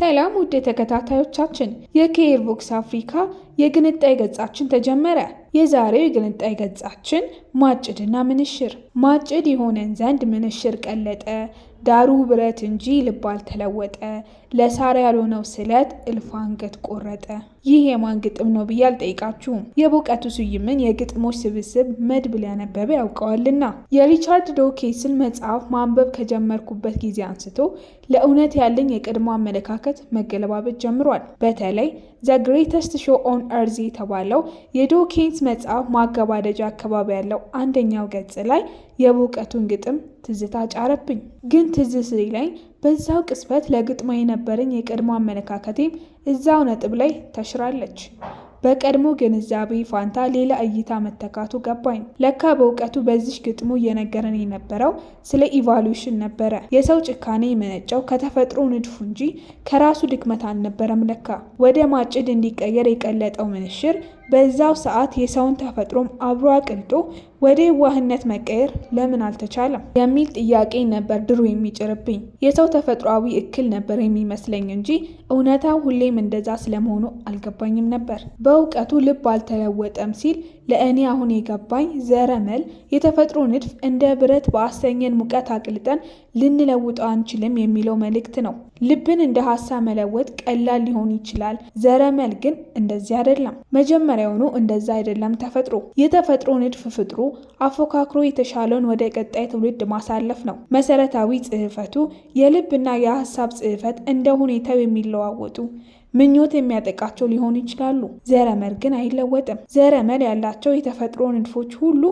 ሰላም ውድ ተከታታዮቻችን የኬር ቦክስ አፍሪካ የግንጣይ ገጻችን ተጀመረ። የዛሬው የግንጣይ ገጻችን ማጭድና ምንሽር። ማጭድ የሆነን ዘንድ ምንሽር ቀለጠ፣ ዳሩ ብረት እንጂ ልብ አልተለወጠ፣ ለሳር ያልሆነው ስለት እልፍ አንገት ቆረጠ። ይህ የማን ግጥም ነው ብዬ አልጠይቃችሁም። የበእውቀቱ ስዩምን የግጥሞች ስብስብ መድብል ያነበበ ያውቀዋልና። የሪቻርድ ዶኬስን መጽሐፍ ማንበብ ከጀመርኩበት ጊዜ አንስቶ ለእውነት ያለኝ የቅድሞ አመለካከት መገለባበት ጀምሯል። በተለይ ዘ ግሬተስት ሾ ኦን እርዝ የተባለው የዶኬንስ መጽሐፍ ማገባደጃ አካባቢ ያለው አንደኛው ገጽ ላይ የበእውቀቱን ግጥም ትዝታ ጫረብኝ። ግን ትዝ ሲለኝ በዛው ቅጽበት ለግጥሟ የነበረኝ የቀድሞ አመለካከቴም እዛው ነጥብ ላይ ተሽራለች። በቀድሞ ግንዛቤ ፋንታ ሌላ እይታ መተካቱ ገባኝ። ለካ በእውቀቱ በዚሽ ግጥሙ እየነገረን የነበረው ስለ ኢቫሉሽን ነበረ። የሰው ጭካኔ የመነጨው ከተፈጥሮ ንድፉ እንጂ ከራሱ ድክመት አልነበረም። ለካ ወደ ማጭድ እንዲቀየር የቀለጠው ምንሽር በዛው ሰዓት የሰውን ተፈጥሮም አብሮ አቅልጦ ወደ የዋህነት መቀየር ለምን አልተቻለም የሚል ጥያቄ ነበር ድሮ የሚጭርብኝ። የሰው ተፈጥሯዊ እክል ነበር የሚመስለኝ እንጂ እውነታው ሁሌም እንደዛ ስለመሆኑ አልገባኝም ነበር። በእውቀቱ ልብ አልተለወጠም ሲል ለእኔ አሁን የገባኝ ዘረመል የተፈጥሮ ንድፍ እንደ ብረት በአሰኘን ሙቀት አቅልጠን ልንለውጠው አንችልም የሚለው መልእክት ነው። ልብን እንደ ሀሳብ መለወጥ ቀላል ሊሆን ይችላል። ዘረመል ግን እንደዚህ አይደለም። መጀመሪያውኑ እንደዛ አይደለም። ተፈጥሮ የተፈጥሮ ንድፍ ፍጥሩ አፎካክሮ የተሻለውን ወደ ቀጣይ ትውልድ ማሳለፍ ነው። መሰረታዊ ጽህፈቱ የልብና የሀሳብ ጽህፈት እንደ ሁኔታው የሚለዋወጡ ምኞት የሚያጠቃቸው ሊሆኑ ይችላሉ። ዘረመል ግን አይለወጥም። ዘረመል ያላቸው የተፈጥሮ ንድፎች ሁሉ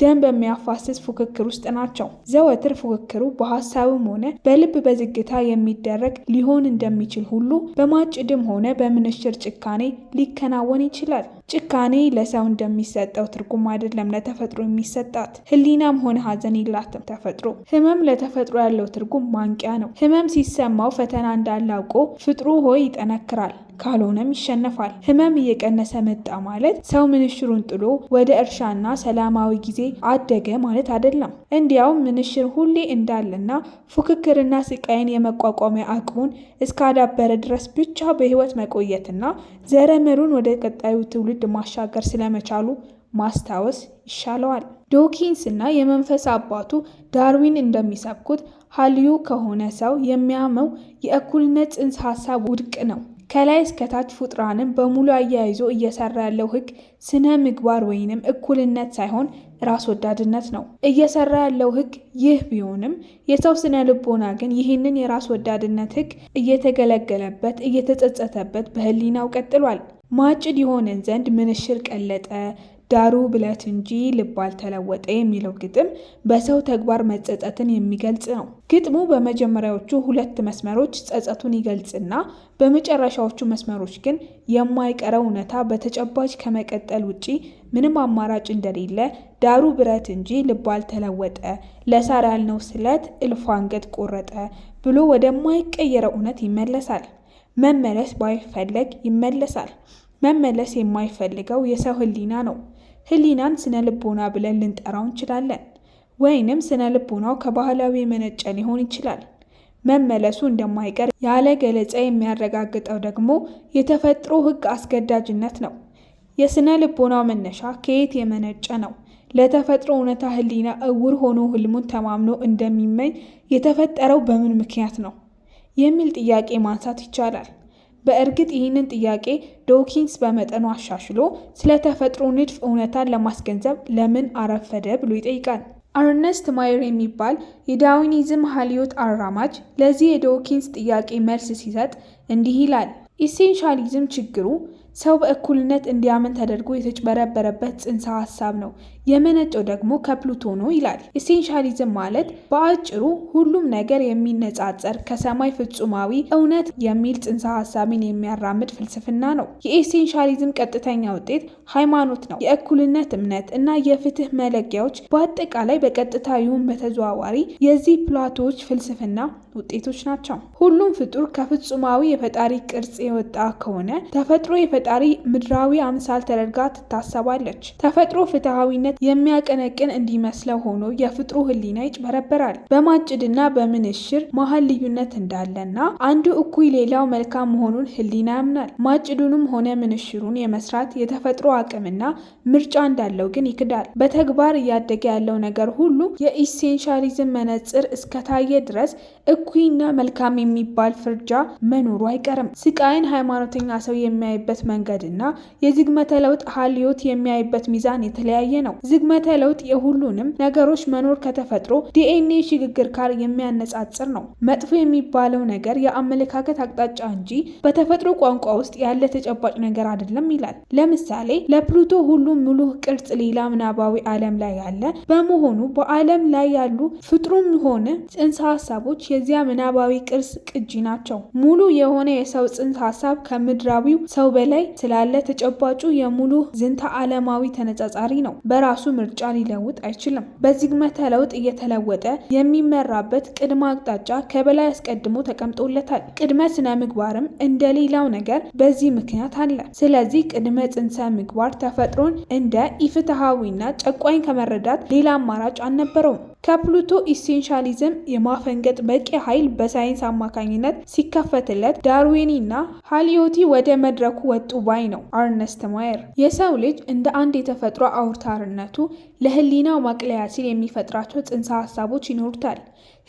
ደም በሚያፋስስ ፉክክር ውስጥ ናቸው። ዘወትር ፉክክሩ በሀሳብም ሆነ በልብ በዝግታ የሚደረግ ሊሆን እንደሚችል ሁሉ በማጭድም ሆነ በምንሽር ጭካኔ ሊከናወን ይችላል። ጭካኔ ለሰው እንደሚሰጠው ትርጉም አይደለም ለተፈጥሮ የሚሰጣት። ህሊናም ሆነ ሀዘን የላትም ተፈጥሮ። ህመም ለተፈጥሮ ያለው ትርጉም ማንቂያ ነው። ህመም ሲሰማው ፈተና እንዳለ አውቆ ፍጥሩ ሆይ ይጠነክራል። ካልሆነም ይሸነፋል። ህመም እየቀነሰ መጣ ማለት ሰው ምንሽሩን ጥሎ ወደ እርሻና ሰላማዊ ጊዜ አደገ ማለት አይደለም። እንዲያውም ምንሽር ሁሌ እንዳለና ፉክክርና ስቃይን የመቋቋሚያ አቅሙን እስካዳበረ ድረስ ብቻ በህይወት መቆየትና ዘረመሩን ወደ ቀጣዩ ትውልድ ማሻገር ስለመቻሉ ማስታወስ ይሻለዋል። ዶኪንስ እና የመንፈስ አባቱ ዳርዊን እንደሚሰብኩት ሀልዩ ከሆነ ሰው የሚያመው የእኩልነት ጽንሰ ሀሳብ ውድቅ ነው። ከላይ እስከታች ፍጡራንን በሙሉ አያይዞ እየሰራ ያለው ህግ ስነ ምግባር ወይንም እኩልነት ሳይሆን ራስ ወዳድነት ነው እየሰራ ያለው ህግ። ይህ ቢሆንም የሰው ስነ ልቦና ግን ይህንን የራስ ወዳድነት ህግ እየተገለገለበት እየተጸጸተበት በህሊናው ቀጥሏል። ማጭድ የሆነን ዘንድ ምንሽር ቀለጠ ዳሩ ብለት እንጂ ልብ አልተለወጠ የሚለው ግጥም በሰው ተግባር መጸጸትን የሚገልጽ ነው። ግጥሙ በመጀመሪያዎቹ ሁለት መስመሮች ጸጸቱን ይገልጽና በመጨረሻዎቹ መስመሮች ግን የማይቀረው እውነታ በተጨባጭ ከመቀጠል ውጪ ምንም አማራጭ እንደሌለ ዳሩ ብረት እንጂ ልብ አልተለወጠ፣ ለሳር ያልነው ስለት እልፎ አንገት ቆረጠ ብሎ ወደማይቀየረው እውነት ይመለሳል። መመለስ ባይፈለግ ይመለሳል። መመለስ የማይፈልገው የሰው ሕሊና ነው። ህሊናን ስነ ልቦና ብለን ልንጠራው እንችላለን። ወይንም ስነ ልቦናው ከባህላዊ የመነጨ ሊሆን ይችላል። መመለሱ እንደማይቀር ያለ ገለጻ የሚያረጋግጠው ደግሞ የተፈጥሮ ህግ አስገዳጅነት ነው። የስነ ልቦናው መነሻ ከየት የመነጨ ነው? ለተፈጥሮ እውነታ ህሊና እውር ሆኖ ህልሙን ተማምኖ እንደሚመኝ የተፈጠረው በምን ምክንያት ነው? የሚል ጥያቄ ማንሳት ይቻላል። በእርግጥ ይህንን ጥያቄ ዶኪንስ በመጠኑ አሻሽሎ ስለ ተፈጥሮ ንድፍ እውነታን ለማስገንዘብ ለምን አረፈደ ብሎ ይጠይቃል። አርነስት ማየር የሚባል የዳዊኒዝም ሀልዮት አራማጅ ለዚህ የዶኪንስ ጥያቄ መልስ ሲሰጥ እንዲህ ይላል። ኢሴንሻሊዝም ችግሩ ሰው በእኩልነት እንዲያምን ተደርጎ የተጭበረበረበት ጽንሰ ሀሳብ ነው። የመነጨው ደግሞ ከፕሉቶ ነው ይላል። ኢሴንሻሊዝም ማለት በአጭሩ ሁሉም ነገር የሚነጻጸር ከሰማይ ፍጹማዊ እውነት የሚል ጽንሰ ሀሳብን የሚያራምድ ፍልስፍና ነው። የኢሴንሻሊዝም ቀጥተኛ ውጤት ሃይማኖት ነው። የእኩልነት እምነት እና የፍትህ መለኪያዎች በአጠቃላይ በቀጥታ ይሁን በተዘዋዋሪ የዚህ ፕላቶዎች ፍልስፍና ውጤቶች ናቸው። ሁሉም ፍጡር ከፍጹማዊ የፈጣሪ ቅርጽ የወጣ ከሆነ ተፈጥሮ የፈጣሪ ምድራዊ አምሳል ተደርጋ ትታሰባለች። ተፈጥሮ ፍትሐዊነት የሚያቀነቅን እንዲመስለው ሆኖ የፍጥሩ ህሊና ይጭበረበራል። በማጭድና በምንሽር መሀል ልዩነት እንዳለና አንዱ እኩይ ሌላው መልካም መሆኑን ህሊና ያምናል። ማጭዱንም ሆነ ምንሽሩን የመስራት የተፈጥሮ አቅምና ምርጫ እንዳለው ግን ይክዳል። በተግባር እያደገ ያለው ነገር ሁሉ የኢሴንሻሊዝም መነጽር እስከታየ ድረስ እኩይና መልካም የሚባል ፍርጃ መኖሩ አይቀርም። ስቃይን ሃይማኖተኛ ሰው የሚያይበት መንገድና የዝግመተ ለውጥ ሀልዮት የሚያይበት ሚዛን የተለያየ ነው። ዝግመተ ለውጥ የሁሉንም ነገሮች መኖር ከተፈጥሮ ዲኤንኤ ሽግግር ጋር የሚያነጻጽር ነው። መጥፎ የሚባለው ነገር የአመለካከት አቅጣጫ እንጂ በተፈጥሮ ቋንቋ ውስጥ ያለ ተጨባጭ ነገር አይደለም ይላል። ለምሳሌ ለፕሉቶ ሁሉም ሙሉ ቅርጽ ሌላ ምናባዊ ዓለም ላይ ያለ በመሆኑ በዓለም ላይ ያሉ ፍጥሩም ሆነ ጽንሰ ሀሳቦች የዚያ ምናባዊ ቅርጽ ቅጂ ናቸው። ሙሉ የሆ ከሆነ የሰው ጽንሰ ሀሳብ ከምድራዊው ሰው በላይ ስላለ ተጨባጩ የሙሉ ዝንተ ዓለማዊ ተነጻጻሪ ነው። በራሱ ምርጫ ሊለውጥ አይችልም። በዝግመተ ለውጥ እየተለወጠ የሚመራበት ቅድመ አቅጣጫ ከበላይ አስቀድሞ ተቀምጦለታል። ቅድመ ስነ ምግባርም እንደ ሌላው ነገር በዚህ ምክንያት አለ። ስለዚህ ቅድመ ጽንሰ ምግባር ተፈጥሮን እንደ ኢፍትሐዊና ጨቋኝ ከመረዳት ሌላ አማራጭ አልነበረውም። ከፕሉቶ ኢሴንሻሊዝም የማፈንገጥ በቂ ኃይል በሳይንስ አማካኝነት ሲከፈትለት ዳርዊኒና ሃሊዮቲ ወደ መድረኩ ወጡ ባይ ነው አርነስት ማየር። የሰው ልጅ እንደ አንድ የተፈጥሮ አውርታርነቱ ለህሊና ማቅለያ ሲል የሚፈጥራቸው ጽንሰ ሀሳቦች ይኖሩታል።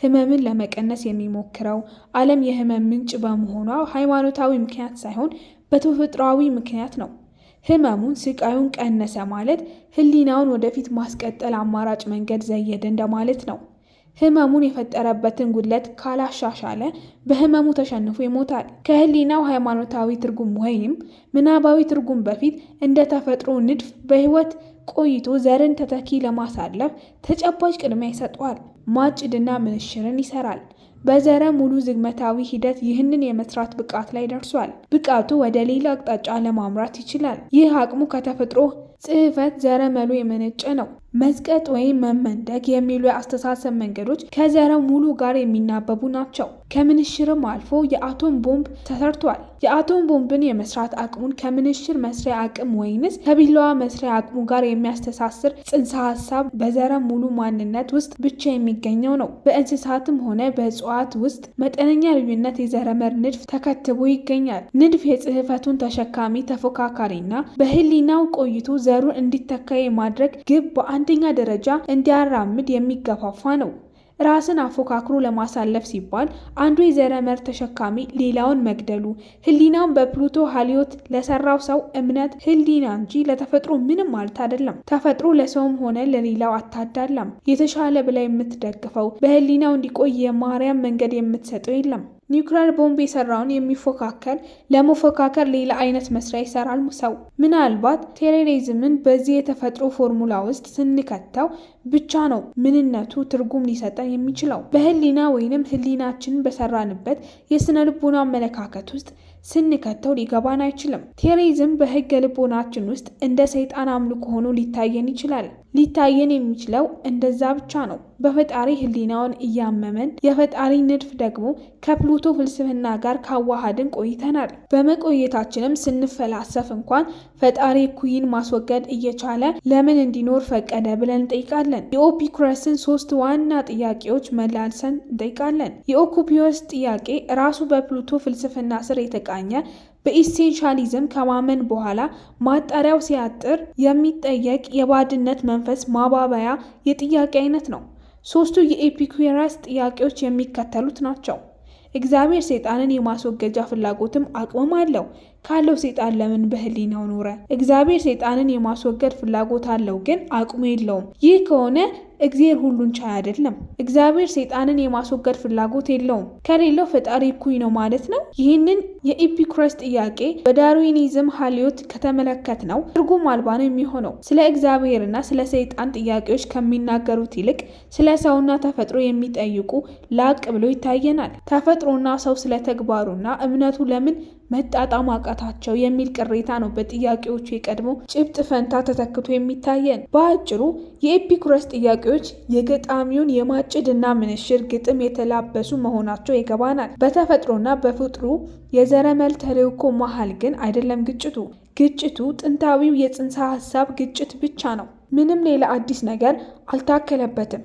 ህመምን ለመቀነስ የሚሞክረው ዓለም የህመም ምንጭ በመሆኗ ሃይማኖታዊ ምክንያት ሳይሆን በተፈጥሯዊ ምክንያት ነው። ህመሙን ስቃዩን ቀነሰ ማለት ህሊናውን ወደፊት ማስቀጠል አማራጭ መንገድ ዘየደ እንደማለት ነው። ህመሙን የፈጠረበትን ጉድለት ካላሻሻለ በህመሙ ተሸንፎ ይሞታል። ከህሊናው ሃይማኖታዊ ትርጉም ወይም ምናባዊ ትርጉም በፊት እንደ ተፈጥሮ ንድፍ በህይወት ቆይቶ ዘርን ተተኪ ለማሳለፍ ተጨባጭ ቅድሚያ ይሰጠዋል። ማጭድና ምንሽርን ይሰራል። በዘረ ሙሉ ዝግመታዊ ሂደት ይህንን የመስራት ብቃት ላይ ደርሷል። ብቃቱ ወደ ሌላ አቅጣጫ ለማምራት ይችላል። ይህ አቅሙ ከተፈጥሮ ጽህፈት ዘረመሉ የመነጨ ነው። መዝቀጥ ወይም መመንደግ የሚሉ የአስተሳሰብ መንገዶች ከዘረ ሙሉ ጋር የሚናበቡ ናቸው። ከምንሽርም አልፎ የአቶም ቦምብ ተሰርቷል። የአቶም ቦምብን የመስራት አቅሙን ከምንሽር መስሪያ አቅም ወይንስ ከቢላዋ መስሪያ አቅሙ ጋር የሚያስተሳስር ጽንሰ ሀሳብ በዘረ ሙሉ ማንነት ውስጥ ብቻ የሚገኘው ነው። በእንስሳትም ሆነ በእጽዋት ውስጥ መጠነኛ ልዩነት የዘረመር ንድፍ ተከትቦ ይገኛል። ንድፍ የጽህፈቱን ተሸካሚ ተፎካካሪና በህሊናው ቆይቶ ዘሩን እንዲተካ የማድረግ ግብ በአንደኛ ደረጃ እንዲያራምድ የሚገፋፋ ነው። ራስን አፎካክሮ ለማሳለፍ ሲባል አንዱ የዘረመር ተሸካሚ ሌላውን መግደሉ ሕሊናውን በፕሉቶ ሀሊዮት ለሰራው ሰው እምነት ህሊና እንጂ ለተፈጥሮ ምንም ማለት አይደለም። ተፈጥሮ ለሰውም ሆነ ለሌላው አታዳላም። የተሻለ ብላ የምትደግፈው በህሊናው እንዲቆይ የማርያም መንገድ የምትሰጠው የለም። ኒውክሌር ቦምብ የሰራውን የሚፎካከል ለመፎካከር ሌላ አይነት መስሪያ ይሰራል ሰው። ምናልባት ቴሬሬዝምን በዚህ የተፈጥሮ ፎርሙላ ውስጥ ስንከተው ብቻ ነው ምንነቱ ትርጉም ሊሰጠን የሚችለው። በህሊና ወይንም ህሊናችንን በሰራንበት የስነ ልቦና አመለካከት ውስጥ ስንከተው ሊገባን አይችልም። ቴሬዝም በህገ ልቦናችን ውስጥ እንደ ሰይጣን አምልኮ ሆኖ ሊታየን ይችላል። ሊታየን የሚችለው እንደዛ ብቻ ነው። በፈጣሪ ሕሊናውን እያመመን የፈጣሪ ንድፍ ደግሞ ከፕሉቶ ፍልስፍና ጋር ካዋሃድን ቆይተናል። በመቆየታችንም ስንፈላሰፍ እንኳን ፈጣሪ ኩይን ማስወገድ እየቻለ ለምን እንዲኖር ፈቀደ ብለን እንጠይቃለን። የኦፒኩረስን ሶስት ዋና ጥያቄዎች መላልሰን እንጠይቃለን። የኢኩፒዮስ ጥያቄ ራሱ በፕሉቶ ፍልስፍና ስር የተቃኘ በኢሴንሻሊዝም ከማመን በኋላ ማጣሪያው ሲያጥር የሚጠየቅ የባድነት መንፈስ ማባበያ የጥያቄ አይነት ነው። ሦስቱ የኢፒኩራስ ጥያቄዎች የሚከተሉት ናቸው። እግዚአብሔር ሰይጣንን የማስወገጃ ፍላጎትም አቅምም አለው። ካለው ሰይጣን ለምን በህሊናው ኖረ? እግዚአብሔር ሰይጣንን የማስወገድ ፍላጎት አለው፣ ግን አቅሙ የለውም። ይህ ከሆነ እግዚአብሔር ሁሉን ቻይ አይደለም። እግዚአብሔር ሰይጣንን የማስወገድ ፍላጎት የለውም፣ ከሌለው ፈጣሪ እኩይ ነው ማለት ነው። ይህንን የኢፒኩረስ ጥያቄ በዳርዊኒዝም ሀልዮት ከተመለከት ነው ትርጉም አልባ ነው የሚሆነው። ስለ እግዚአብሔርና ስለ ሰይጣን ጥያቄዎች ከሚናገሩት ይልቅ ስለ ሰውና ተፈጥሮ የሚጠይቁ ላቅ ብሎ ይታየናል። ተፈጥሮና ሰው ስለ ተግባሩና እምነቱ ለምን መጣጣም አቃታቸው የሚል ቅሬታ ነው በጥያቄዎቹ የቀድሞ ጭብጥ ፈንታ ተተክቶ የሚታየን። በአጭሩ የኤፒኩረስ ጥያቄዎች የገጣሚውን የማጭድ እና ምንሽር ግጥም የተላበሱ መሆናቸው ይገባናል። በተፈጥሮና በፍጥሩ የዘረመል ተልእኮ መሀል ግን አይደለም ግጭቱ። ግጭቱ ጥንታዊው የጽንሰ ሀሳብ ግጭት ብቻ ነው። ምንም ሌላ አዲስ ነገር አልታከለበትም።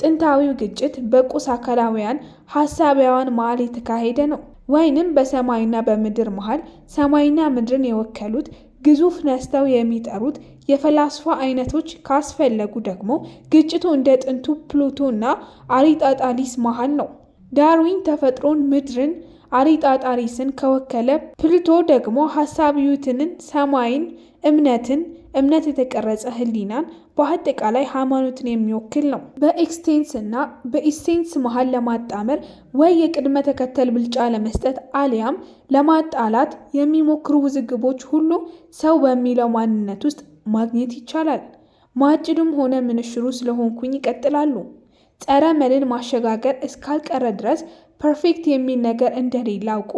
ጥንታዊው ግጭት በቁስ አካላውያን ሀሳቢያዋን መሀል የተካሄደ ነው። ወይንም በሰማይና በምድር መሃል ሰማይና ምድርን የወከሉት ግዙፍ ነስተው የሚጠሩት የፈላስፋ አይነቶች ካስፈለጉ ደግሞ ግጭቱ እንደ ጥንቱ ፕሉቶና አሪጣጣሊስ መሃል ነው። ዳርዊን ተፈጥሮን፣ ምድርን፣ አሪጣጣሊስን ከወከለ ፕሉቶ ደግሞ ሀሳብዩትንን ሰማይን፣ እምነትን እምነት የተቀረጸ ህሊናን በአጠቃላይ ሃይማኖትን የሚወክል ነው። በኤክስቴንስ እና በኢሴንስ መሀል ለማጣመር ወይ የቅድመ ተከተል ብልጫ ለመስጠት አሊያም ለማጣላት የሚሞክሩ ውዝግቦች ሁሉ ሰው በሚለው ማንነት ውስጥ ማግኘት ይቻላል። ማጭዱም ሆነ ምንሽሩ ስለሆንኩኝ ይቀጥላሉ። ጸረ መልን ማሸጋገር እስካልቀረ ድረስ ፐርፌክት የሚል ነገር እንደሌለ አውቁ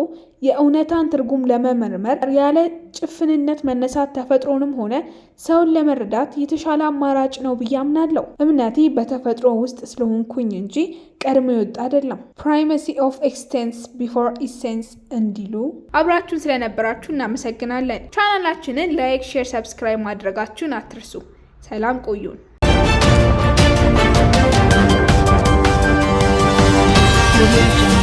የእውነታን ትርጉም ለመመርመር ያለ ጭፍንነት መነሳት ተፈጥሮንም ሆነ ሰውን ለመረዳት የተሻለ አማራጭ ነው ብዬ አምናለሁ። እምነቴ በተፈጥሮ ውስጥ ስለሆንኩኝ እንጂ ቀድሞ የወጣ አይደለም። ፕራይመሲ ኦፍ ኤክስቴንስ ቢፎር ኢሴንስ እንዲሉ አብራችሁን ስለነበራችሁ እናመሰግናለን። ቻናላችንን ላይክ፣ ሼር፣ ሰብስክራይብ ማድረጋችሁን አትርሱ። ሰላም ቆዩን። Audio Jungle.